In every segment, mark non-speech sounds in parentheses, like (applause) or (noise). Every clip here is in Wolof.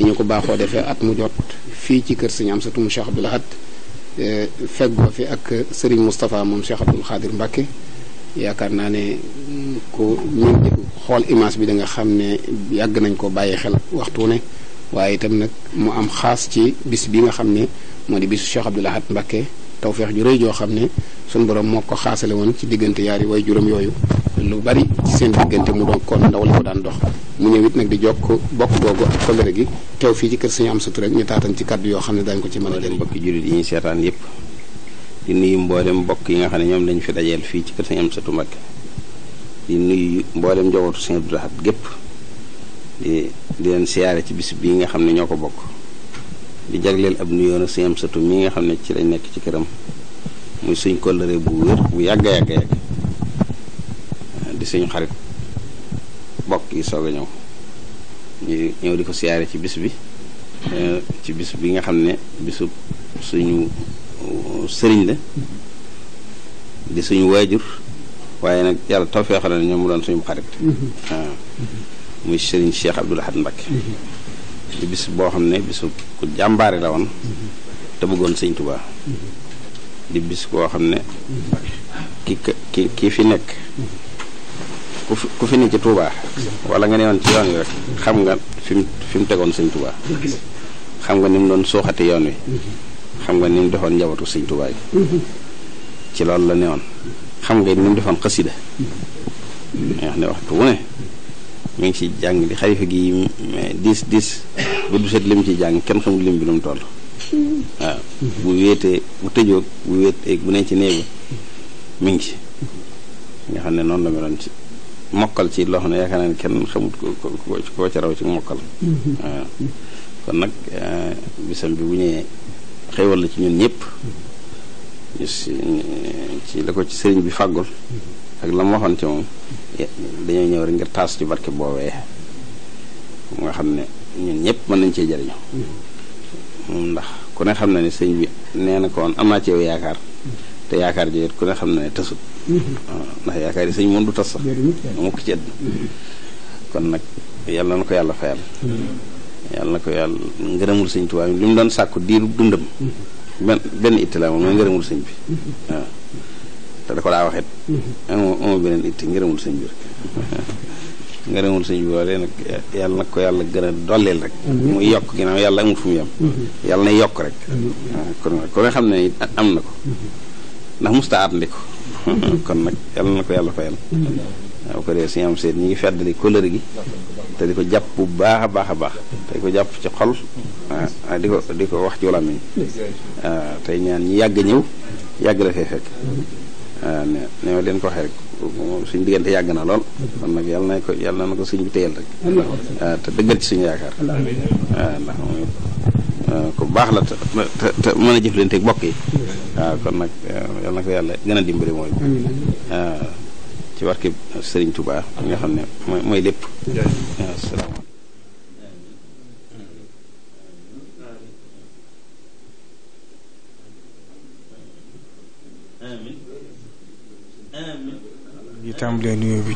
ni ñu ko baaxoo defee at mu jot fii ci kër sëñ Amsatu mu Cheikh Abdoul Ahad eh, feggoo fi ak Serigne Moustapha moom Cheikh Abdoul Khadir Mbacke yaakaar naa ne ku ñun xool image bi danga xam ne yàgg nañ ko bàyyi xel waxtu ne waaye itam nag mu am xaas ci bis bi nga xam ne moo di bisu Cheikh Abdoul Ahad Mbacke tawfeex ju rëy joo xam ne sun borom moo ko xaasale woon ci diggante yaari way juróom yooyu lu bari ci seen digënté mu doon kon ndaw la ko daan dox mu ñëwit nak di jokk bokk gogo ak kolere gi taw fi ci kër seigne am rek ñu taatan ci kaddu yo xamne dañ ko ci mëna dem bokk bokki yi ñu seetaan yépp di nuyu mboolem bokk yi nga xamne ñom lañ fi dajeel fi ci kër seigne am sutura mag di nuyu mboolem jowatu seigne abdou rahab gépp di di len siyaare ci bis bii nga xamne ñoko bokk di jagleel ab nuyu na seigne am sutura mi nga xamne ci lañ nekk ci kërëm muy seigne kolere bu wër bu yagga yagga di suñu xarit bokk yi soog a ñëw ñëw di ko siyaare ci bis bi euh, ci bis bi nga xam ne bisu suñu euh, sëriñ la di suñu waajur waaye nag yàlla tawfeexal na ñoom mu doon suñu xarit mm-hmm. euh, muy sëriñ Cheikh Abdoul Ahad Mbacké mm-hmm. di bis boo xam ne bisu ku jàmbaare la woon mm-hmm. te bëggoon sëñ Touba di bis boo xam ne ki ki ki fi nekk ku fi ku fi ne ci Touba wala nga ne woon ci yoon wi rek xam nga fi mu fi mu tegoon sëñ Touba xam nga ni mu doon suuxate yoon wi xam nga ni mu defoon njabootu sëñ Touba yi ci loolu la ne woon xam nga ni mu defoon xasida wax ne wax wu mu ngi ci jàng di xarifa gi diis diis bu du set lim ci kenn xamul lim bi lu mu toll waaw bu wéetee bu tëjoo bu wéet bu ne ci néegu mi ngi ci nga xam ne noonu la meloon ci mokkal ci loo xam ne yaakaar naa ne kenn xamut ko koo ci raw ci mokkal mm-hmm. kon nag eh, bisam bi bu ñëwee xéwal la ci ñun ñëpp mm-hmm. eh, ci la ko ci sëriñ bi fàggul mm-hmm. ak la mu waxoon ci moom dañoo ñëw rek ngir taas ci barke boobee nga xam ne ñun ñëpp mën nañ cee jëriñu moom ndax ku ne xam na ni sëñ bi nee na ko woon am naa ci yow yaakaar te yaakaar ji it ku ne xam ne tasut mm-hmm. ndax yaakaar yi sëñ moom du tas sax mukk ci mm-hmm. kon nag yàlla na ko yàlla fayal mm-hmm. yàlla na ko yàlla ngërëmul sëñ Tuubaa doon sàkku diiru dundam benn benn itti la moom mooy bi waaw te da ko daa sëñ bi rek na ko yàlla gën a dolleel rek muy yokk ginnaaw yàlla amul fu mu yem yàlla na yokk rek ku ne xam ne am na ko ndax musta atliku (laughs) kon nak yalla nako yalla fayal mm-hmm. bu ko dee am ñi ngi feddali couleur gi te diko japp bu baax a baax te diko ko ci xol ah diko ko ko wax ci wala miñ ah, tay ñaan ñi yag ñew yag la fee fekk mm-hmm. ah, ne ne ma ko waxee suñu digënté yag na lool mm-hmm. kon nak yalla nako yalla nako suñu teyel rek ah, te dëggal ci suñu yaakar waaw Euh, ku baax la te mën a jëflante ak bokk yi waaw euh, kon nag euh, yal na ko yàlla gën a dimbali mooy ci barke Serigne Touba nga xam ne mooy mooy lépp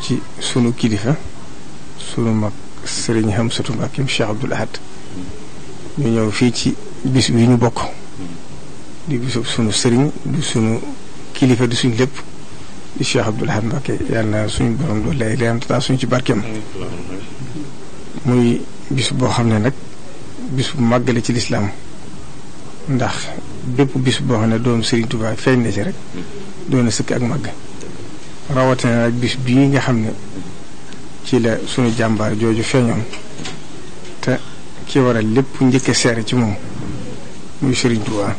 ci sunu kilifa sunu mag Serigne Hamsatou Mbacké Cheikh Abdoul Ahad ñu ñëw fii ci bis bi ñu bokk di bisub sunu sëriñ di sunu kilifa di suñ lépp di Cheikh Abdoul Ahad Mbacké yàlla na suñu borom loolu lay leen tataa suñu ci barkeem muy bis boo xam ne nag bis bu màggale ci lislaam ndax bépp bis boo xam ne doomu Serigne Touba feeñ na ci rek doon na sëkk ak màgg rawatina nag bis bii nga xam ne ci la sunu jàmbaar jooju feeñoon te ki waral lépp njëkk seere ci moom muy Serigne Touba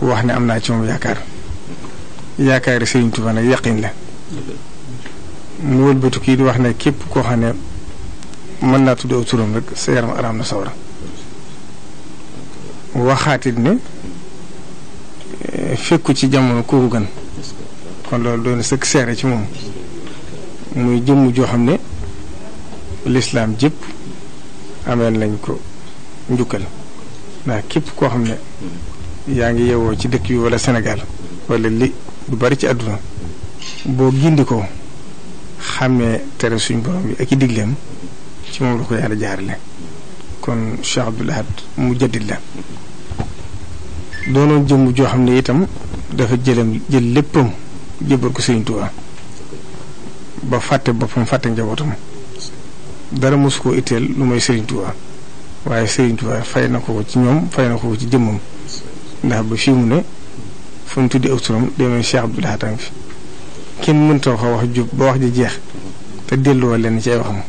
wax ne am naa ci moom yaakaar yaakaari Serigne Touba nag yaqin la mu wëlbatu kii di wax ne képp koo xam ne mën naa tudd aw turam rek sa yaram araam na sawara waxaatit ne fekku ci jamono kooku gën kon loolu doon sëkk seere ci moom muy jëmm joo xam ne lislaam jëpp ameel nañ ko njukkal ndax képp koo xam ne yaa ngi yewoo ci dëkk bi walla Sénégal wala li lu bari ci àdduna boo gindi ko xàmmee tere suñ borom bi ak i digleem ci moom la ko yàlla jaarale kon Cheikh Abdoul Ahad mu jaddit la doonoon jëmm joo xam ne itam dafa jëlam jël léppam jébbal ko Sëriñ Tuubaa ba fàtte boppam fàtte njabootam dara mosu ko itteel lu mooy Serigne Touba waaye Serigne Touba fay na ko ci ñoom fay na ko ci jëmmam ndax ba fii mu ne fu mu tuddee ak turam demee Cheikh Abdoul Ahad fi kenn mënta wax wax jub ba wax ji jeex te delloo leen ci ay waxam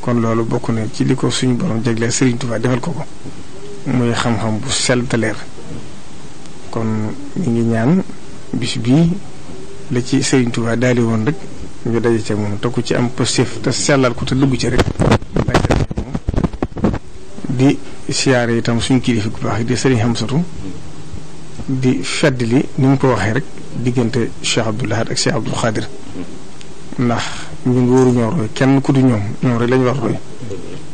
kon loolu bokk na ci li ko suñu borom jagleel Serigne Touba defal ko ko muy xam-xam bu sell te leer kon ñu ngi ñaan bis bii la ci Serigne Touba daali woon rek. ñu daje ca moom te ci am positif te sellal ko te dugg ci rek di siyaare itam suñ kilifa bu baax di sëriñ Hamsatu di fedd li ni mu ko waxee rek diggante Cheikh Abdoul Ahad ak Cheikh Abdoul Khadir ndax ñu ngi waru roy kenn ku du ñoom ñoom rek lañu war roy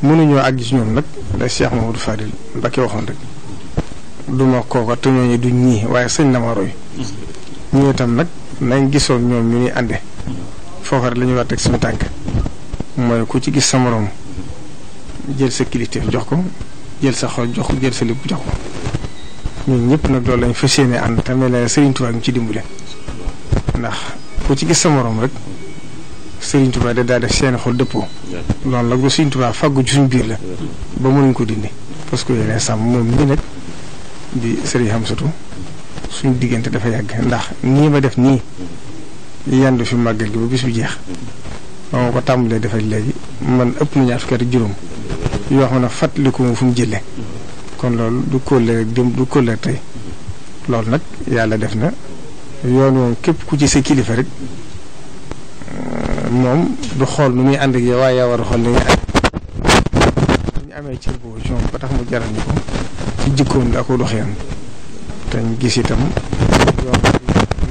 mënuñoo àgg ci ñoom nag da Cheikh Mamadou Fadil Mbacké waxoon rek duma kooka te ñooñu duñ ñii waaye sëñ na ma roy ñu itam nag nañ gisoon ñoom ñu ni ànde foofa rek la ñu war a tànk mooy ku ci gis sa moroom jël sa kilifteef jox ko jël sa xol jox ko jël jox ko ñëpp nag loolu lañ fas yéene ànd tamit la Serigne Touba ñu ci dimbale ndax ku ci gis sa moroom rek Serigne Touba da daal def seeni xol dëppoo loolu nag lu Serigne Touba fàggu ci suñu biir la ba mënuñ ko dindi parce que yeneen sàmm moom mii nag di Serigne Hamsatou suñu diggante dafa yàgg ndax nii ma def nii. yendu fi màggal gi ba bis bu jeex ma ko tàmbalee defal léegi man ëpp na ñaar fukki juróom yoo xam ne fàttaliku moom fu mu jëlee kon loolu du kóllëre démb du kóllëre tey loolu nag yàlla def na yoon moom képp ku ci sa kilifa rek moom du xool nu muy ànd ak yow waaye yaa war a xool ni ñu amee cër boobu ci moom ba tax mu jaral ñu ko ci jikkoom bi ak doxee te ñu gis itam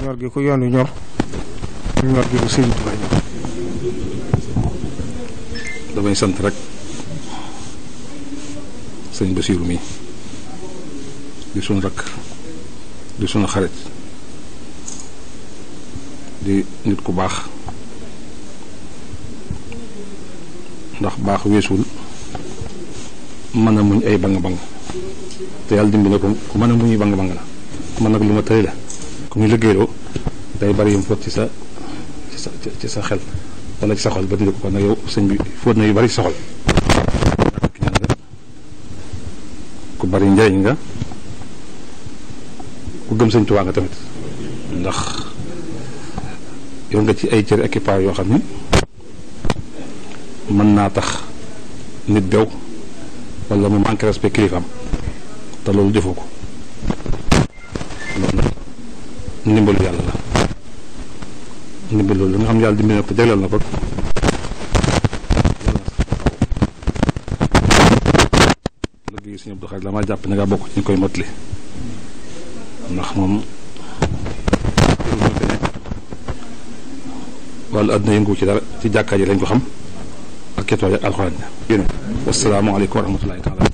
ñor gi ko yoon ñor. suñu mag bi Sëriñ Tuubaa damay sant rek sëñ Basiiru mi di suñu rakk di suñu xarit di nit ku baax ndax baax weesul mën a muñ ay bang-bang te yàlla dimbali ko ku mën a muñuy bang-bang la man nag lu ma tëri la ku muy liggéeyloo day bari yum fot ci sa ci sa xel wala ci sa xol ba tuddee ko kon yow sëñ bi fóot na yu bari soxal ku bari njëriñ nga ku gëm sëñ Tuubaa nga tamit ndax yow nga ci ay cër équipage yoo xam ni mën naa tax nit bew wala mu manque respect kilifaam te loolu defoo ko loolu ndimbalu yàlla la ñu bind loolu nga xam ne yàlla dimbali na ko jagleel na ko liggéey suñu Abdou Khadre la maa jàpp ne nga bokk ci ñu koy motli ndax moom wàllu àdduna yëngu ci dara ci jàkkaa ji lañ ko xam ak ketoo yi ak alxuraan wassalaamu aleykum wa rahmatullahi taala